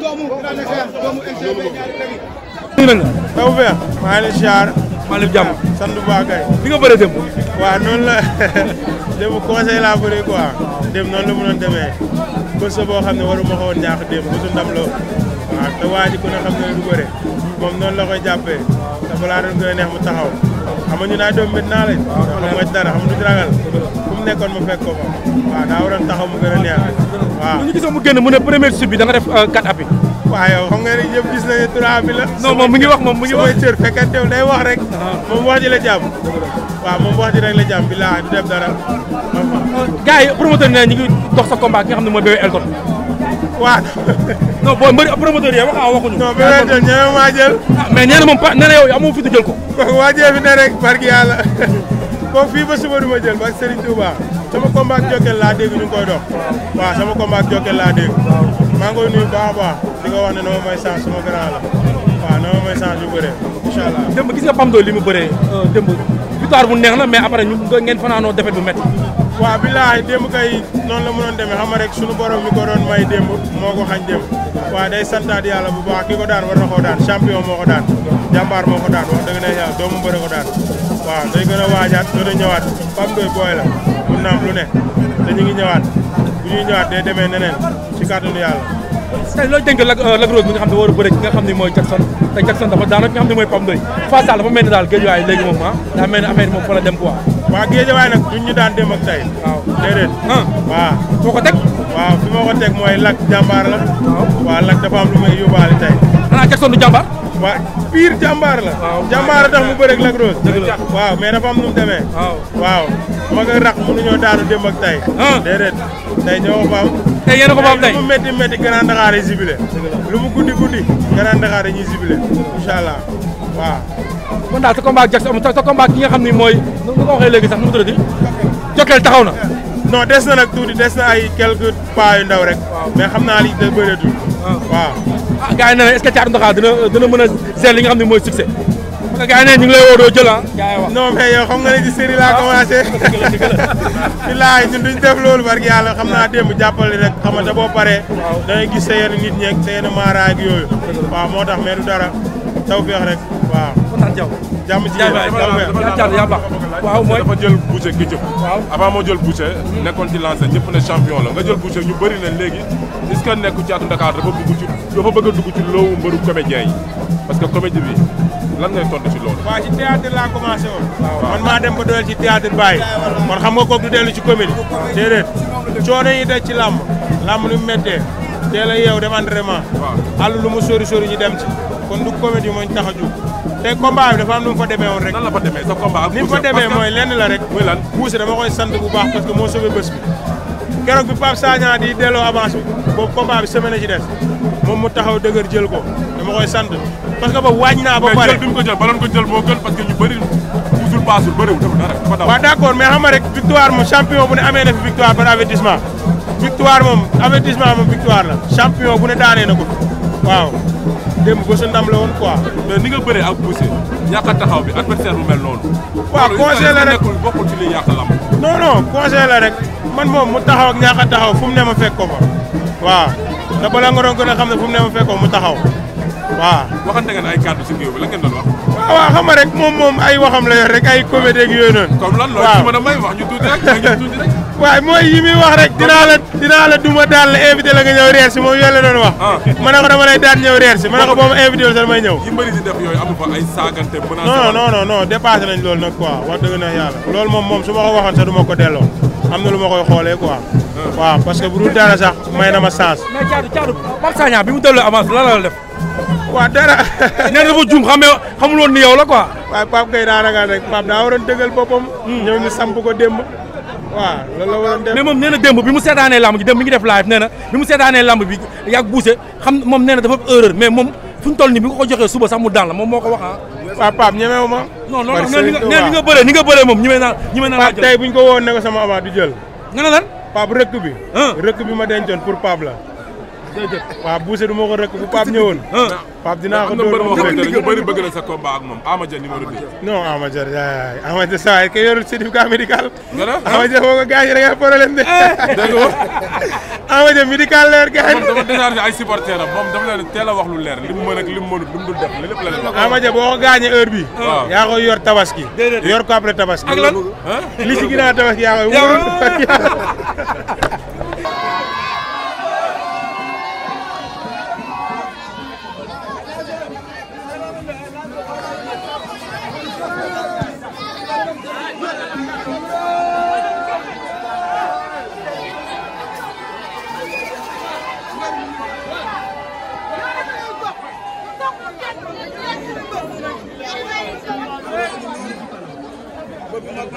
doomu doomu NGV ñaari kër yi na nga. taw feex maa ngi lay ziar. maa ngi lay jàmm sant bu baax kay. ni nga a dem. waaw noonu la démb conseil laa bëri quoi dem noonu la mënoon demee bés boo xam ne waruma ko woon ñaax démb bésu ndam la waa ji ku xam ne du moom noonu la koy jàppee te balaa doon a taxaw xam ñu naan doomu mbir naa lañ. waaw xam nga dara xam nga du ragal. fu mu nekkoon mu fekk ko taxaw mu gën a neex waaw. ñu gisoon mu génn mu ne première sub bi da nga def 4 euh, waaw yow xam nga ne ñëpp nañu trois bi la. non moom mi ngi wax moom mu ngi wax sama cër fekkante day wax rek. Ah. moom wax ji la jàmm. waaw moom wax ji rek la jàmm bilaa du def dara. gars yi promoteur nee ñu ngi dox sa ki nga xam ne mooy bébé Elton. waaw. non boo mbëri promoteur yi wax ah waxuñu. non bébé Elton ñeme maa jël. Ah, mais nee na moom pa nee na yow amoo fi jël ko. kooku waajee fi ne rek barki yàlla kooku fii ba suba du ma jël barki Serigne Touba. sama combat ak Jokal laa dégg ñu ngi koy dox waaw sama combat ak laa dégg maa ngi koy nuyu baax a baax di nga ma may chance sama grand la waaw na ma may chance yu bëree incha allah. démb gis nga Pam Doy li mu bëree euh, démb victoire bu neex na mais après ñu ngeen fanaanoo defet bu métti. waaw bilaay démb kay noonu la mënoon demee xam rek sunu borom mi ko doon may démb moo ko xañ démb waaw day santaat yàlla bu baax ki ko daan war na koo daan champion moo ko daan jàmbaar moo ko daan wax dëgg ne waaw day gën a waajaat gën a ñëwaat Pape Ndoye booy la mun naam lu ne te ñu ngi ñëwaat bu ñuy ñëwaat day demee neneen ci kàttanu yàlla. tey looy dénk Lac euh, Lac Rose mi nga xam war a bëre ki nga xam ne mooy Jackson te Jackson dafa daanaka nga xam ne mooy Pape Ndoye Fass daal dafa mel ni daal géejuwaay léegi moom ah daa mel ni affaire bi moom fa la dem quoi. waaw géejuwaay nag duñ ñu daan dem ak tey. waaw déedéet. Ah. waaw ko teg. waaw fi ma ko teg mooy Lac jàmbaar la. waaw waaw Lac dafa am lu tey. xanaa waaw pire jàmbaar la. waaw jàmbaar tax mu bëreeg Lac Rose. waaw mais dafa am nu waaw waaw ma nga rax mënuñoo daanu démb ak tay. Ah. déedéet tey ñoo ko fa am. tey a ko fa am tey lu mu métti métti Grand Dakar yi zibilé. lu mu guddi guddi Grand Dakar yi ñuy zibilé incha allah waaw. sa combat ak Jackson sa ki nga xam ni mooy nu ko waxee léegi sax nu mu tuddati. Jokal taxaw na. non des na nag tuuti des na ay quelques pas yu ndaw rek. mais xam naa li des bëreetul. Ah. waaw. ah gars yi nee na est-ce que Thiatou Ndakhar dina dina mën a seet li nga xam ne mooy succès parce que gars yi nee ñu ngi lay woo doo jël ah. gars yi wax non mais yow xam nga ne ci série laa ah. commencé. bilaay ñun duñ def loolu barki yàlla xam naa ah. démb jàppale rek xam nga te boo paree. waaw da ngay gis sa yenn nit ak yooyu. waaw moo tax mais du dara Tann Diaw. jàmm ci yéen dafa yaa baax waaw mooy dafa jël boucher gi jëf. waaw moo jël boucher. nekkoon ci lancé ñëpp ne champion la nga jël boucher ñu bëri na léegi est ce que nekku caatu Dakar dafa bëgg ci dafa bëgg a dugg ci loowu mbëru comédien yi parce que comédie bi lan ngay tontu ci loolu. waaw ci théâtre laa commencé woon. man maa dem ba doyal ci théâtre bàyyi. kon xam nga kooku du dellu ci comédie. déedéet coono yi daj ci làmb làmb ni mu méttee teel a yeew dem entraînement. waaw àll lu mu sori sori ñu dem ci kon du comédie moo ñu a te combat bi dafa am nu mu fa demee woon rek. nan la fa demee sa combat ak ni mu fa mooy lenn la rek. muy lan moo sauvé bés bi. keroog bi Pape Sagna di delloo avance boobu combat bi semaine moom mu taxaw dëgër jël ko dama ko sant parce que boobu wàññi naa ba pare ko jël baloon ko jël moo gën parce que ñu bëri toujours baasul bëriwul dafa dara dafa daw. waaw rek victoire moom champion bu ne amee na fi victoire par avertissement victoire moom avertissement moom victoire na ko démb ba sa ndam la woon quoi. mais ni nga ak poussé ñàkk a taxaw bi adversaire bu mel noonu. waaw conseil la rek bokkul ci liy yàq lamb. non non conseil la rek man moom mu taxaw ak a taxaw fu ne ma fekk ko fa waaw te balaa gën a xam ne fu mu ne ma fekk ko mu taxaw waaw. waxante ngeen ay kàddu ci géew bi la ngeen doon wax. waaw waaw xam ay waxam la yor ay comédie ak yooyu noonu. waaw lan loolu ci mën a may wax ñu tuuti rek ñu tuuti rek. waaye mooy yi muy wax rek dinaa la dinaa la duma daal la invité la nga ñëw reer si moom yooyu la doon wax. Ah. ma ne ko dama lay daan ñëw reer si ma ne ko boo ma invité may ñëw. yi mbëri di def yooyu loolu nag quoi wax dëgg na loolu moom moom su ko waxoon sax du ma ko delloo am na lu ma koy xoolee quoi. Ah. waaw parce que bu dul dara sax may na ma chance. mais Thiatou Thiatou Pape Sagna bi mu delloo avance lan la def. waaw dara. nee na dafa juum xam xamul woon ni la quoi. waaw waaw loolu la waroon def mais moom nee na démb bi mu seetaanee lamb ji démb mi ngi def live nee na bi mu seetaanee lamb bi yàgg buuse xam moom nee na dafa erreur mais moom fu ñu toll nii bi nga ko joxee suba sax mu daan la moom moo ko wax ah. waaw Pape ñemewu ma. non non nee ni nga bëree ni nga bëree moom ñeme naa ñeme naa laa jël Pape tey bu ñu ko woon ne ko sama avant du jël. nga ne lan. Pape rëkk bi. Ah. rëkk bi ma dencoon pour Pape la. waaw Boucher du ma ko rek bu Pape ñëwoon. Ah. Pape dinaa ko dóor ma ko rek ñu bëri bëgg sa combat ak moom Ama Dia numéro bi. non Ama Dia yaay Ama Dia saa yi kay yorul certificat médical. nga def Ama Dia boo ko gaañee da ngay problème de. Eh, dëgg la Ama Dia médical leer gaañ. moom dama déchargé ay supporters am moom dafa leen teel a wax lu leer li mu mën ak li mu mënut lu mu dul def lépp la leen wax. ko gaañee heure bi ah. yaa koy yor tabaski. tabaski.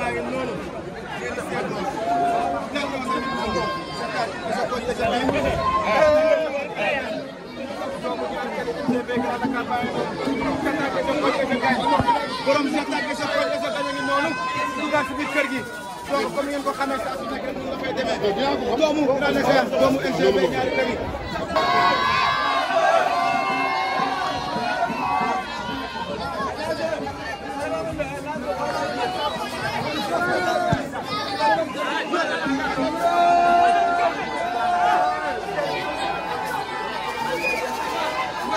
baa ngi noonu ngeen di seetloo jàngal sa nit sa bopp sa kaat sa koñ la sa biir borom sa tàgg sa koñ la sa bañ a ngi noonu dugal si biir kër gi donc comme ngeen ko xamee saa su nekk noonu la fay demee doomu doomu NGV ñaari kër yi